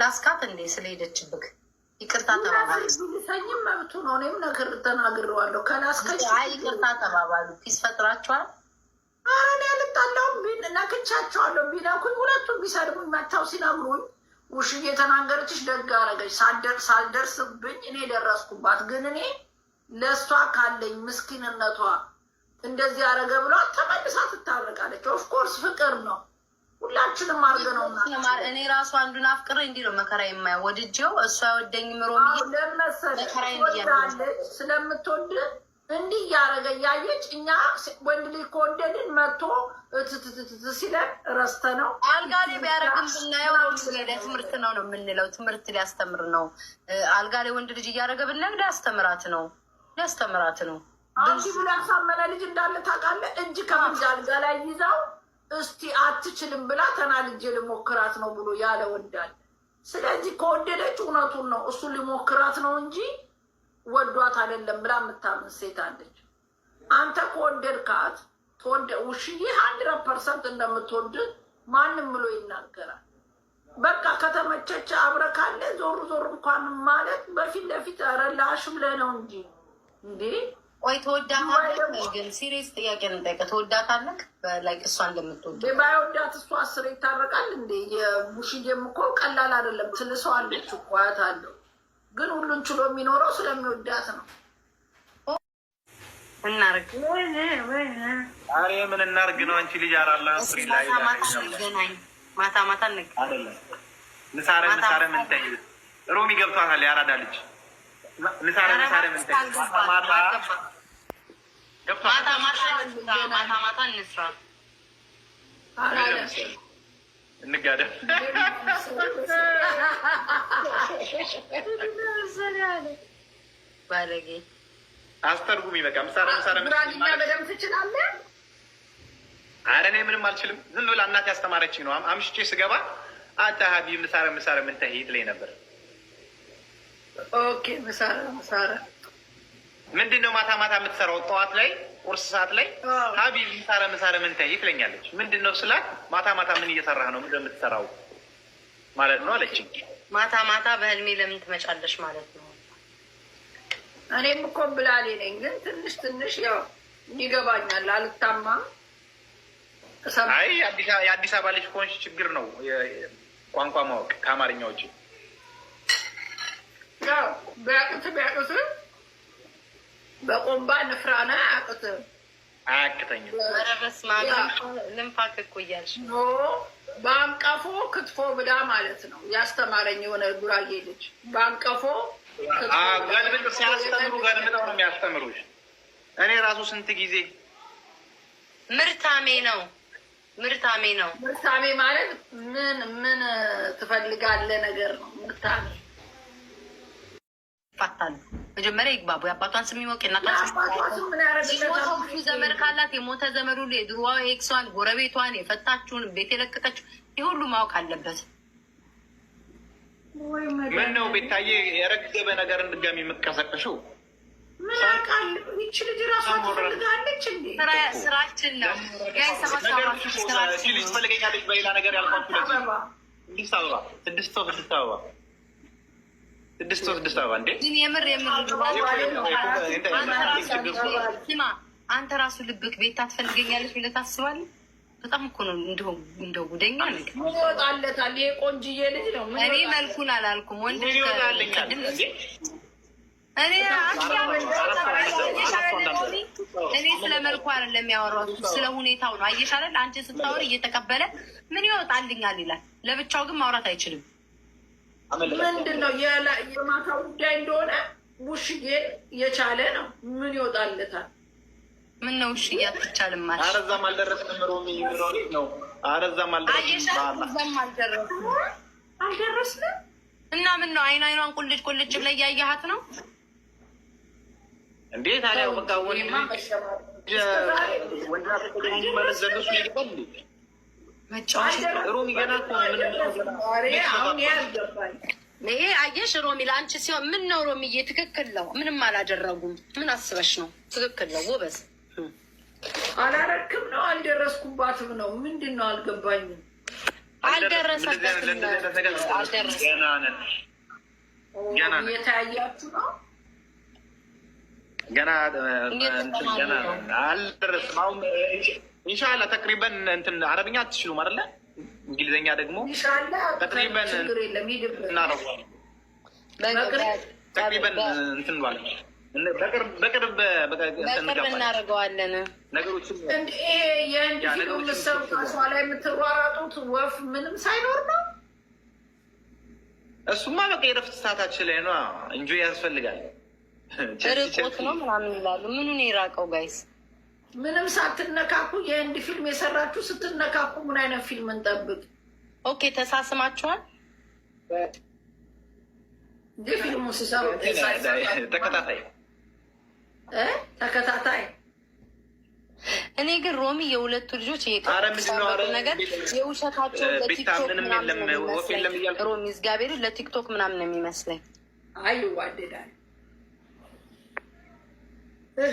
ላስካት እንዴ ስለሄደችብክ ይቅርታ ተባባሉ። መብቱ ነው። እኔም ነገር ተናግሬዋለሁ። ከላስከሽ ይቅርታ ተባባሉ። ፒስ ፈጥራችኋል። ኧረ እኔ አልጣላሁም። ነክቻቸዋለሁ። ቢነኩኝ ሁለቱም ቢሰድቡኝ መታው ሲነግሩኝ ውሽ እየተናገረችሽ ደግ አረገች። ሳልደርስብኝ እኔ ደረስኩባት። ግን እኔ ለእሷ ካለኝ ምስኪንነቷ እንደዚህ አረገ ብለዋል። ተመልሳ ትታረቃለች። ኦፍኮርስ ፍቅር ነው ሁላችንም አድርገ ነው እኔ ራሱ አንዱን አፍቅሬ እንዲ ነው መከራ የማያ ወድጀው እሱ ወደኝ ምሮ ለመሰለች ስለምትወድ እንዲህ እያደረገ እያየች እኛ ወንድ ልጅ ከወደድን መጥቶ ትትትት ሲለን ረስተ ነው አልጋ ላይ ቢያደርግም ብናየው ትምህርት ነው ነው የምንለው። ትምህርት ሊያስተምር ነው። አልጋ ላይ ወንድ ልጅ እያደረገ ብናየው ሊያስተምራት ነው ሊያስተምራት ነው። አንቺ ብሎ ያሳመነ ልጅ እንዳለ ታውቃለህ። እጅ ከምን አልጋ ላይ ይዛው እስቲ አትችልም ብላ ተናልጄ ልሞክራት ነው ብሎ ያለ ወዳል። ስለዚህ ከወደደች እውነቱን ነው እሱ ሊሞክራት ነው እንጂ ወዷት አይደለም ብላ የምታምን ሴት አለች። አንተ ከወደድካት ውሽዬ ሀንድረድ ፐርሰንት እንደምትወድ ማንም ብሎ ይናገራል። በቃ ከተመቸች አብረ ካለ ዞር ዞር እንኳን ማለት በፊት ለፊት ረላሽ ብለህ ነው እንጂ እንዴ ቆይ ተወዳታለህ? ግን ሲሪየስ ጥያቄ ነው የምጠይቀህ። ተወዳታለህ? ላይክ እሷ እንደምትወድ ባይወዳት እሱ አስር ይታረቃል እንዴ? የሙሽዬም እኮ ቀላል አይደለም። ትልሰዋለች እኮ አያታለሁ። ግን ሁሉን ችሎ የሚኖረው ስለሚወዳት ነው። እናርግ ምን እናርግ ነው? አንቺ ልጅ አራላ ማታ ማታ ንሳረ ንሳረ ምን ሮሚ ገብቷታል። ያራዳ ልጅ አስተርጉሚ በቃ ምሳራ ምሳራ እኔ ምንም አልችልም። ዝም ብላ እናት ያስተማረችኝ ነው። አምሽቼ ስገባ አታ ሀቢብ ምሳረ ምሳረ ላይ ነበር ምንድን ነው ማታ ማታ የምትሰራው? ጠዋት ላይ ቁርስ ሰዓት ላይ ሀቢ ምሳረ ምሳረ ምን ታይ ትለኛለች። ምንድን ነው ስላት ማታ ማታ ምን እየሰራህ ነው? ምንድን ነው የምትሰራው ማለት ነው አለች። ማታ ማታ በህልሜ ለምን ትመጫለሽ ማለት ነው። እኔም እኮ ብላሌ ነኝ፣ ግን ትንሽ ትንሽ ያው ይገባኛል። አልታማ አይ የአዲስ አበባ ልጅ ከሆንሽ ችግር ነው ቋንቋ ማወቅ ከአማርኛ ውጭ ቢያቅት ቢያቅት በቆምባ ንፍራና አቅት አያቅተኝም። እኮ እያልሽ በአንቀፎ ክትፎ ብላ ማለት ነው ያስተማረኝ የሆነ ጉራጌ ልጅ። በአንቀፎ ገልብጥ ሲያስተምሩ ገልብጠው ነው የሚያስተምሩሽ። እኔ ራሱ ስንት ጊዜ ምርታሜ ነው ምርታሜ ነው ምርታሜ ማለት ምን ምን ትፈልጋለህ ነገር ነው ምርታሜ ይፋታሉ። መጀመሪያ ይግባቡ። የአባቷን ስም ይወቅ፣ የእናቷን ስም ዘመድ ካላት የሞተ ዘመድ ሁሉ የድሮዋ ኤክሷን፣ ጎረቤቷን፣ የፈታችውን ቤት የለቀቀችው ይህ ሁሉ ማወቅ አለበት። ምን ነው ቤታዬ የረገበ ነገር እንድጋሚ የምትቀሰቅሽው? ስራችን ነው። ስድስት አበባ ስድስት አበባ ስድስት ስድስት አበባ እንዴ! የምር ስማ፣ አንተ ራሱ ልብክ ቤት ታትፈልገኛለች ብለህ ታስባለህ? በጣም እኮ ነው እንደው እንደው ጉደኛ ይወጣለታል። ይሄ ቆንጅዬ ልጅ ነው። እኔ መልኩን አላልኩም። ወንድ እኔ ስለ መልኩ አይደለም ያወራሁት፣ ስለ ሁኔታው ነው። አየሽ አይደል? አንቺን ስታወሪ እየተቀበለ ምን ይወጣልኛል ይላል። ለብቻው ግን ማውራት አይችልም። ምንድን ነው የማታ ጉዳይ እንደሆነ ውሽዬ የቻለ ነው። ምን ይወጣለታል? ምን ነው ውሽዬ አትቻልም ማለት ኧረ እዛም አልደረስንም። ሮሚ ነው። ኧረ እዛም አልደረስንም። እና ምን ነው አይን አይኗን ቁልጭ ቁልጭ ብለህ እያየሃት ነው እንዴ? ታዲያ በቃ ወንድ ወንድ ዘነሱ ይገባል ይሄ አየሽ ሮሚ ለአንቺ ሲሆን ምን ነው ሮሚዬ፣ ትክክል ነው። ምንም አላደረጉም። ምን አስበሽ ነው? ትክክል ነው። ጎበዝ አላረክም ነው አልደረስኩባትም ነው ምንድን ነው አልገባኝም። አልደረሰበትም አልደረሰበትም። እየተያያችሁ ነው ገና አልደረስም አሁን ኢንሻላ ተቅሪበን እንትን አረብኛ አትችሉም አይደለ? እንግሊዝኛ ደግሞ ተቅሪበን ተቅሪበን በቅርብ እናደርገዋለን። ነገሮችን ላይ የምትሯሯጡት ወፍ ምንም ሳይኖር ነው። እሱማ በቃ የረፍት ሰዓታችን ላይ ነው። እንጆ ያስፈልጋል። ርቆት ነው ምናምን ይላሉ። ምኑን የራቀው ጋይስ ምንም ሳትነካኩ የህንድ ፊልም የሰራችሁ ስትነካኩ ምን አይነት ፊልም እንጠብቅ? ኦኬ ተሳስማችኋል። ፊልሙ ሲሰሩ ተከታታይ ተከታታይ እኔ ግን ሮሚ የሁለቱ ልጆች ነገር የውሸታቸው ለቲክቶክ ምናምን ነው የሚመስለኝ። ሮሚ እግዚአብሔርን ለቲክቶክ ምናምን ነው የሚመስለኝ። አይ ይዋደዳል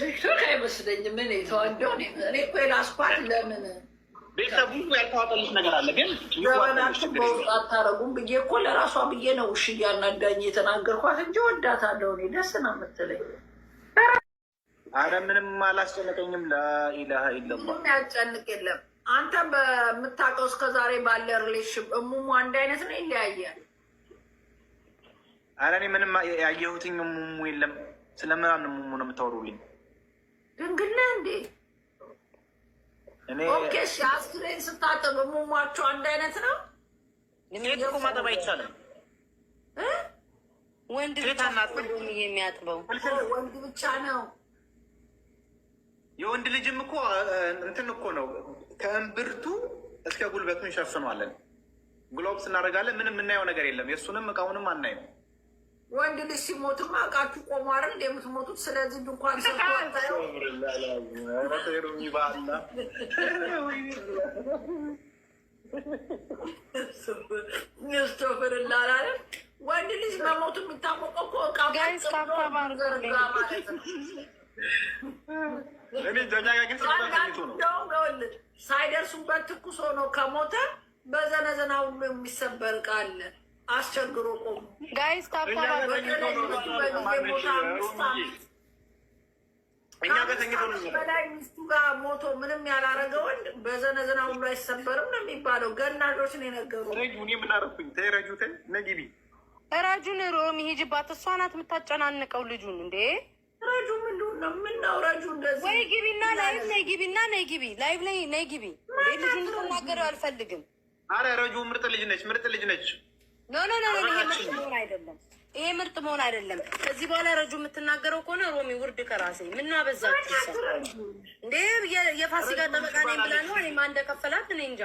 ፊክሽን አይመስለኝም። እኔ እኔ እኮ የላስኳት ለምን ቤተሰቡ ያልተዋጠልሽ ነገር አለ ግን ዘመናችን በውስጥ አታረጉም ብዬ እኮ ለራሷ ብዬ ነው ውሽ እያናዳኝ የተናገርኳት እንጂ ወዳታለሁ እኔ ደስ ነው የምትለኝ። አረ ምንም አላስጨነቀኝም። ላኢላሀ ኢለላህ ምንም ያስጨንቅ የለም። አንተ በምታውቀው እስከዛሬ ባለ ሪሌሽን እሙሙ አንድ አይነት ነው ይለያያል። አረ እኔ ምንም ያየሁትኝ የለም። ስለምን ሙሙ ነው የምታወሩልኝ? ድንግል ነህ እንዴ? ኦኬ እሺ። አስክሬን ስታጠብ ሙሟቸው አንድ አይነት ነው? ሴት እኮ ማጠብ አይቻልም። ወንድ ብቻ የሚያጥበው ወንድ ብቻ ነው። የወንድ ልጅም እኮ እንትን እኮ ነው ከእምብርቱ እስከ ጉልበቱ እንሸፍኗለን። ግሎብስ እናደርጋለን። ምንም የምናየው ነገር የለም። የእሱንም እቃውንም አናይም። ወንድ ልጅ ሲሞትም አውቃችሁ ቆሞ አይደል የምትሞቱት? ስለዚህ ድንኳን ሰቶፍርላላለ ወንድ ልጅ መሞቱ የሚታወቀው እኮ ዕቃ ዘርጋ ማለት ነው። ሳይደርሱበት ትኩስ ሆኖ ከሞተ በዘነዘና ሁሉ የሚሰበር ዕቃ አለ አስቸግሮ ቆሙ ጋይስ በላይ ሚስቱ ጋር ሞቶ ምንም ያላረገው በዘነዘና ሁሉ አይሰበርም ነው የሚባለው። ገናሾች ነው የነገሩ። ረጁን ሮሚ ሂጅባት። እሷ ናት የምታጨናንቀው ልጁን። እንዴ ረጁ ምንድን ነው? ረጁ እንደዚህ ወይ ግቢና ላይቭ ነይ፣ ግቢና ነይ፣ ግቢ ላይቭ ነይ፣ ግቢ ልጁን ትናገረው አልፈልግም። አረ ረጁ ምርጥ ልጅ ነች፣ ምርጥ ልጅ ነች። ኖ ኖ ኖ፣ ይሄ ምርጥ መሆን አይደለም። ይሄ ምርጥ መሆን አይደለም። ከዚህ በኋላ ረጁ የምትናገረው ከሆነ ሮሚ ውርድ ከራሴ ምን አበዛ እንዴ? የፋሲካ ጠበቃ ነኝ ብላ ነው እኔ ማን እንደከፈላት እኔ እንጃ።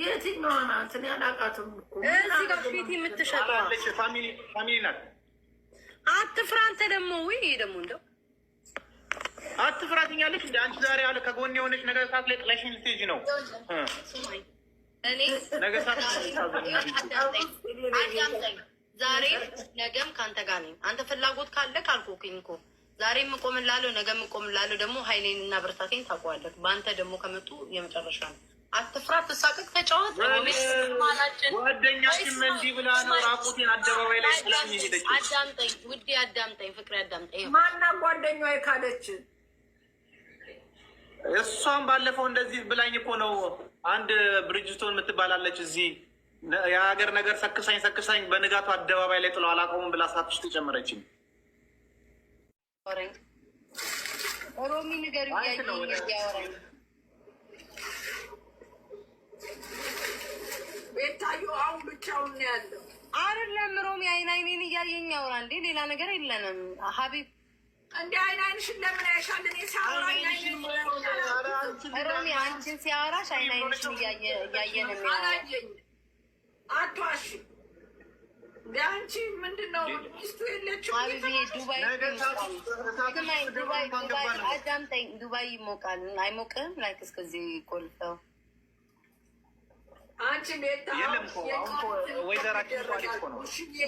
የትኛዋ ናት? እኔ እዚህ ጋር ፊት የምትሸጥ አትፍራ አንተ ደግሞ። ውይ ይሄ ደግሞ እንደው አትፍራ ትኛለች እንደ አንቺ ዛሬ አለ ከጎን የሆነች ነገር ሳት ላይ ጥለሽኝ ልትሄጂ ነው ዛሬ ነገም ከአንተ ጋር ነኝ። አንተ ፍላጎት ካለ ካልኩኝ እኮ ዛሬ የምቆምላለሁ፣ ነገም የምቆምላለሁ። ደግሞ ኃይሌን እና ብርታቴን ታውቀዋለህ። በአንተ ደግሞ ከመጡ የመጨረሻ ነው። አትፍራ፣ አትሳቀቅ፣ ተጫወት። ጓደኛችን እንዲህ ብላ ነው ራቁቴን አደባባይ ላይ ስላሚ አዳምጠኝ ውዴ፣ አዳምጠኝ ፍቅሬ፣ አዳምጠኝ። ማና ጓደኛ የካለች እሷም ባለፈው እንደዚህ ብላኝ እኮ ነው። አንድ ብሪጅስቶን የምትባላለች እዚህ የሀገር ነገር ሰክሳኝ ሰክሳኝ በንጋቱ አደባባይ ላይ ጥለው አላቆሙም ብላ ሳት ውስጥ የጨመረችኝ ሮሚ ነገር ቤታዩ አሁን ብቻውን ያለው አይደለም ሮሚ አይን አይኔን እያየኝ ያወራ እንዴ ሌላ ነገር የለንም ሀቢብ እንደ አይን አይንሽን ለምን ሮሚ አንቺን ሲያወራሽ አይን አይንሽን አቷሽ ምንድን ነው ሚስቱ ዱባይ አዳምጠኝ፣ ዱባይ ይሞቃል አይሞቅም? ላይክ እስከዚህ ቆልፈው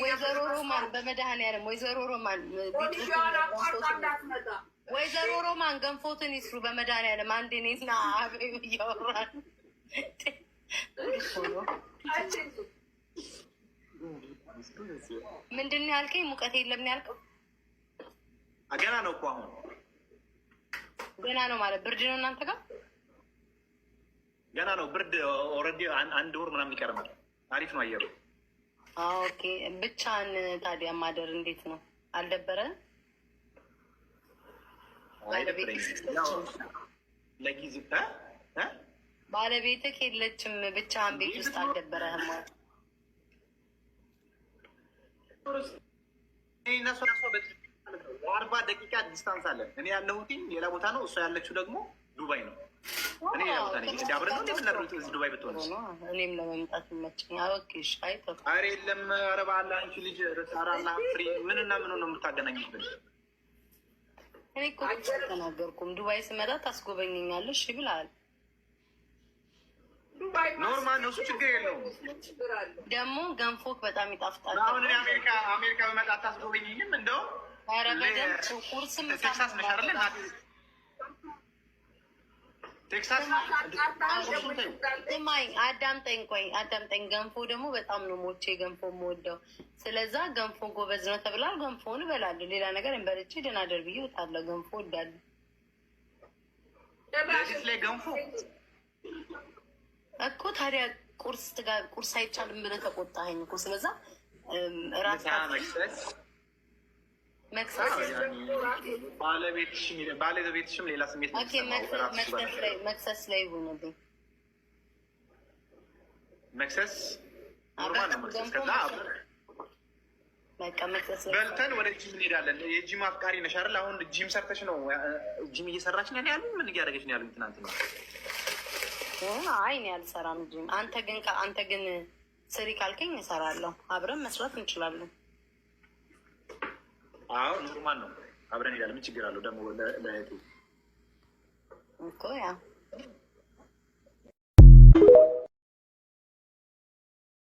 ወይዘሮ ሮማን በመድኃኒዓለም ወይዘሮ ሮማን ወይዘሮ ሮማን ገንፎትን ይስሩ። በመድኃኒዓለም አንድ እኔና አቤም እያወራን ምንድን ነው ያልከኝ? ሙቀት የለም ያልከው? ገና ነው እኮ አሁን ገና ነው ማለት ብርድ ነው እናንተ ጋር ገና ነው። ብርድ ኦልሬዲ አንድ ወር ምናምን ይቀርማል። አሪፍ ነው አየሩ። ኦኬ። ብቻን ታዲያ ማደር እንዴት ነው? አልደበረ ለጊዜ ባለቤትህ የለችም፣ ብቻህን ቤት ውስጥ አልደበረህም? አርባ ደቂቃ ዲስታንስ አለን። እኔ ያለሁትኝ ሌላ ቦታ ነው፣ እሷ ያለችው ደግሞ ዱባይ ነው። እኔ እኔም ለመምጣት ይመቸኝ። አበቂሽ አይቶ ኧረ የለም ኧረ በዓል አንቺ ልጅ ራና ፍሪ ምንና ምን ነው የምታገናኝብን? እኔ እኮ ተናገርኩም። ዱባይ ስመጣ ታስጎበኘኛለሽ ብላል። ኖርማል ነው እሱ፣ ችግር የለውም። ደግሞ ገንፎ በጣም ይጣፍጣል። አሁን አሜሪካ አሜሪካ በመጣ ታስጎበኘኝም እንደው ኧረ በደምብ ቁርስም ሳሳስ ነሻርለን ቴክሳስ አዳምጠኝ፣ ቆይ አዳምጠኝ። ገንፎ ደግሞ በጣም ነው ሞቼ ገንፎ የምወደው። ስለዛ ገንፎ ጎበዝ ነው ተብላል። ገንፎን እበላለሁ። ሌላ ነገር እንበልቼ ደናደር ብዬ እወጣለሁ። ገንፎ እወዳለሁ። ገንፎ እኮ ታዲያ ቁርስ ጋር ቁርስ አይቻልም ብለህ ተቆጣኸኝ እኮ ስለዛ ራት ባለቤትሽም ሌላ ስሜት መክሰስ ላይ ሆነብኝ። መክሰስ በልተን ወደ ጂም እንሄዳለን። የጂም አፍቃሪ ነሽ አይደል? አሁን ጂም ሰርተሽ ነው? ጂም እየሰራች ነው ያሉ ምን እያደረገች ነው ያሉ? ትናንት ነው። አይ እኔ አልሰራም ጂም። አንተ ግን አንተ ግን ስሪ ካልከኝ እሰራለሁ። አብረን መስራት እንችላለን። አዎ ኖርማል ነው። አብረን ሄዳል። ምን ችግር አለው ደግሞ ለእህቴ እኮ ያው